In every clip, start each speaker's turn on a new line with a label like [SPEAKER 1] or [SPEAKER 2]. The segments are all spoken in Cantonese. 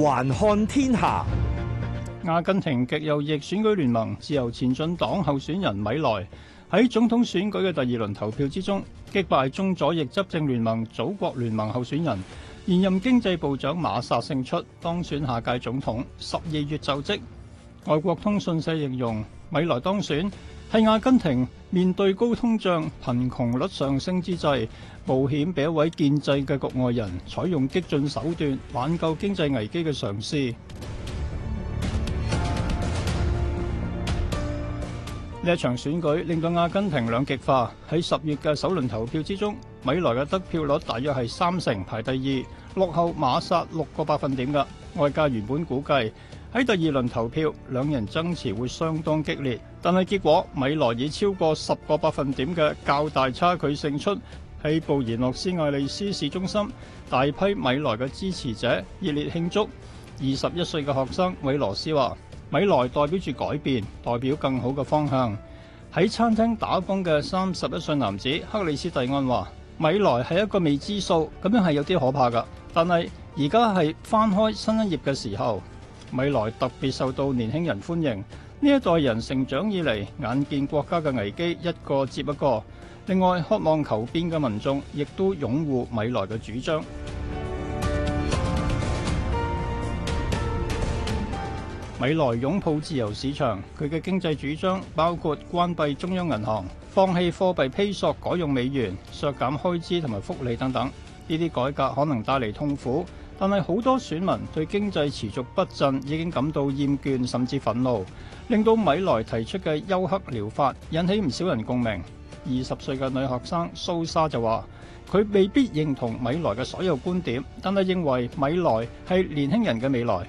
[SPEAKER 1] 還看天下。阿根廷極右翼選舉聯盟，自由前進黨候選人米萊喺總統選舉嘅第二輪投票之中，擊敗中左翼執政聯盟，喺阿根廷面對高通脹、貧窮率上升之際，冒險俾一位建制嘅局外人採用激進手段挽救經濟危機嘅嘗試。呢一場選舉令到阿根廷兩極化。喺十月嘅首輪投票之中，米萊嘅得票率大約係三成，排第二，落後馬薩六個百分點嘅。外界原本估計，喺第二輪投票，兩人爭持會相當激烈，但係結果米萊以超過十個百分點嘅較大差距勝出。喺布宜諾斯艾利斯市中心，大批米萊嘅支持者熱烈慶祝。二十一歲嘅學生韋羅斯話：米萊代表住改變，代表更好嘅方向。喺餐廳打工嘅三十一歲男子克里斯蒂安話：米萊係一個未知數，咁樣係有啲可怕㗎。但係而家係翻開新一頁嘅時候。米萊特別受到年輕人歡迎，呢一代人成長以嚟眼見國家嘅危機一個接一個。另外，渴望求變嘅民眾亦都擁護米萊嘅主張。 米萊擁抱自由市場，佢嘅經濟主張包括關閉中央銀行、放棄貨幣披索改用美元、削減開支同埋福利等等。呢啲改革可能帶嚟痛苦。但係好多選民對經濟持續不振已經感到厭倦，甚至憤怒，令到米萊提出嘅休克療法引起唔少人共鳴。二十歲嘅女學生蘇莎就話：佢未必認同米萊嘅所有觀點，但係認為米萊係年輕人嘅未來。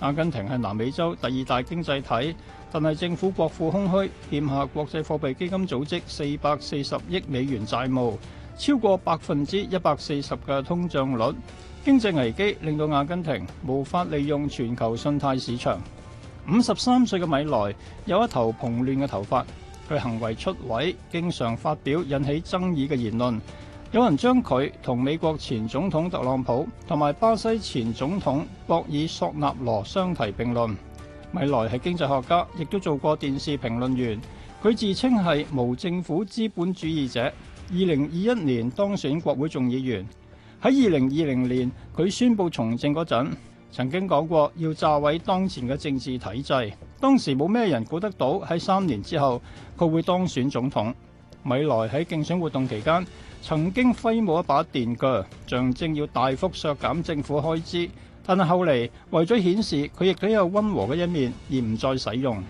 [SPEAKER 1] 阿根廷係南美洲第二大經濟體，但係政府國庫空虛，欠下國際貨幣基金組織四百四十億美元債務。超過百分之一百四十嘅通脹率，經濟危機令到阿根廷無法利用全球信貸市場。五十三歲嘅米萊有一頭蓬亂嘅頭髮，佢行為出位，經常發表引起爭議嘅言論。有人將佢同美國前總統特朗普同埋巴西前總統博爾索納羅相提並論。米萊係經濟學家，亦都做過電視評論員，佢自稱係無政府資本主義者。二零二一年當選國會眾議員，喺二零二零年佢宣布從政嗰陣，曾經講過要炸毀當前嘅政治體制。當時冇咩人估得到喺三年之後，佢會當選總統。米萊喺競選活動期間曾經揮舞一把電鋸，象徵要大幅削減政府開支。但係後嚟為咗顯示佢亦都有溫和嘅一面，而唔再使用。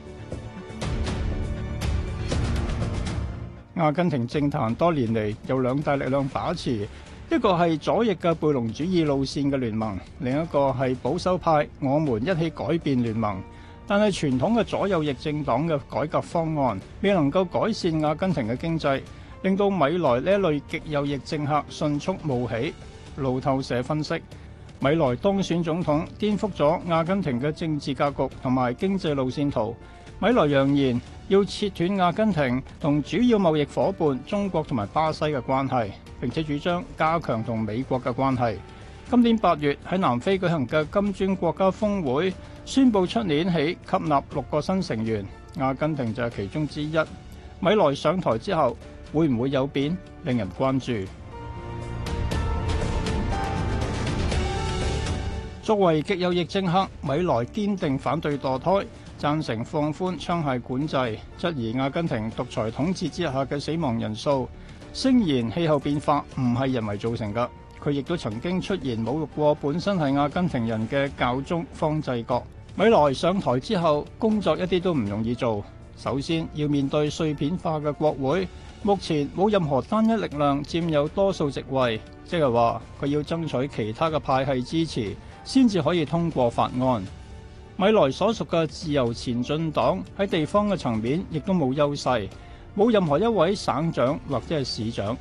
[SPEAKER 1] 阿根廷政壇多年嚟有兩大力量把持，一個係左翼嘅貝隆主義路線嘅聯盟，另一個係保守派《我們一起改變》聯盟。但係傳統嘅左右翼政黨嘅改革方案未能夠改善阿根廷嘅經濟，令到米萊呢一類極右翼政客迅速冒起。路透社分析，米萊當選總統，顛覆咗阿根廷嘅政治格局同埋經濟路線圖。米萊揚言要切斷阿根廷同主要貿易伙伴中國同埋巴西嘅關係，並且主張加強同美國嘅關係。今年八月喺南非舉行嘅金磚國家峰會，宣布出年起吸納六個新成員，阿根廷就係其中之一。米萊上台之後會唔會有變，令人關注。作為極右翼政客，米萊堅定反對墮胎。贊成放寬槍械管制，質疑阿根廷獨裁統治之下嘅死亡人數，聲言氣候變化唔係人為造成㗎。佢亦都曾經出言侮辱過本身係阿根廷人嘅教宗方濟各。米萊上台之後，工作一啲都唔容易做。首先要面對碎片化嘅國會，目前冇任何單一力量佔有多數席位，即係話佢要爭取其他嘅派系支持，先至可以通過法案。米萊所屬嘅自由前進黨喺地方嘅層面亦都冇優勢，冇任何一位省長或者係市長。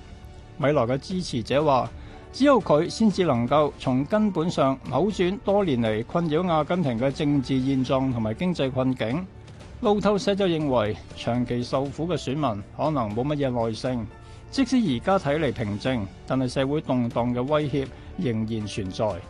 [SPEAKER 1] 米萊嘅支持者話：只有佢先至能夠從根本上扭轉多年嚟困擾阿根廷嘅政治現狀同埋經濟困境。路透社就認為，長期受苦嘅選民可能冇乜嘢耐性，即使而家睇嚟平靜，但係社會動盪嘅威脅仍然存在。